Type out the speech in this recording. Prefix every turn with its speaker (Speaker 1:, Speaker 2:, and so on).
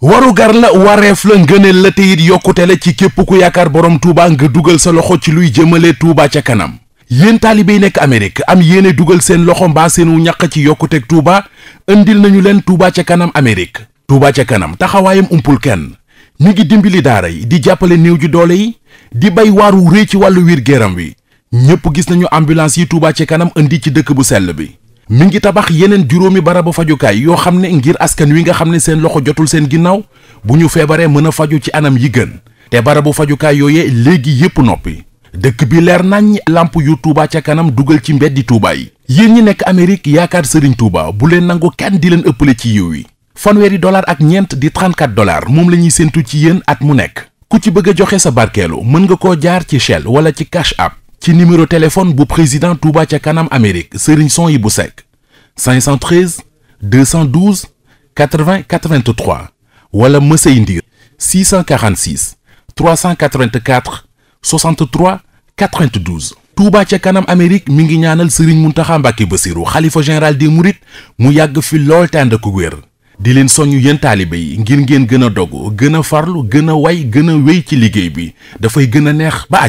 Speaker 1: warugar la wareef la ngëneel la te it yokkute la ci képp ku yaakaar borom Touba nga dugal sa loxo ci luy jëmale Touba ca kanam yéen taalibe yi nekk Amérique am yéene dugal seen loxo mbaa seen wu ñàq ci yokkuteeg Touba indil nañu leen Touba ca kanam Amérique Touba ca kanam taxawaayam umpul kenn mi ngi dimbali daara yi di jàppale néew ji doole yi di bay waaru rëy ci wàllu wiir géram wi ñëpp gis nañu ambulance yi Touba ca kanam indi ci dëkk bu sell bi mi ngi tabax yeneen juróomi barabu fajukaay yoo xam ne ngir askan wi nga xam ne seen loxo jotul seen ginnaaw bu ñu feebaree mën a faju ci anam yi gën te barabu fajukaay yooyee léegi yépp noppi dëkk bi leer nañ làmp yu Touba ca kanam dugal ci mbeddi Touba yi yéen ñi nekk Amérique yaakaar Serigne Touba bu leen nangu kenn di leen ëpp ëppale ci yiw yi fanweeri dollar ak ñeent di 34 dollars moom la ñuy séentu ci yéen at mu nekk ku ci bëgg a joxe sa barkeelu mën nga koo jaar ci Shell wala ci Cash App ci numéro téléphone du président Touba ca kanam Amérique Serigne son yi 513 212 80 83 wala monsieur 646 384 63 92. Touba ca kanam Amérique mi ngi ñaanal Serigne Mountakha Mbacké Bassirou xalifa général des Mourides mu yagg fi lool te de ak wér. di leen soñu yéen yi ngir ngeen dogu farlu way gëna wéy ci bi neex ba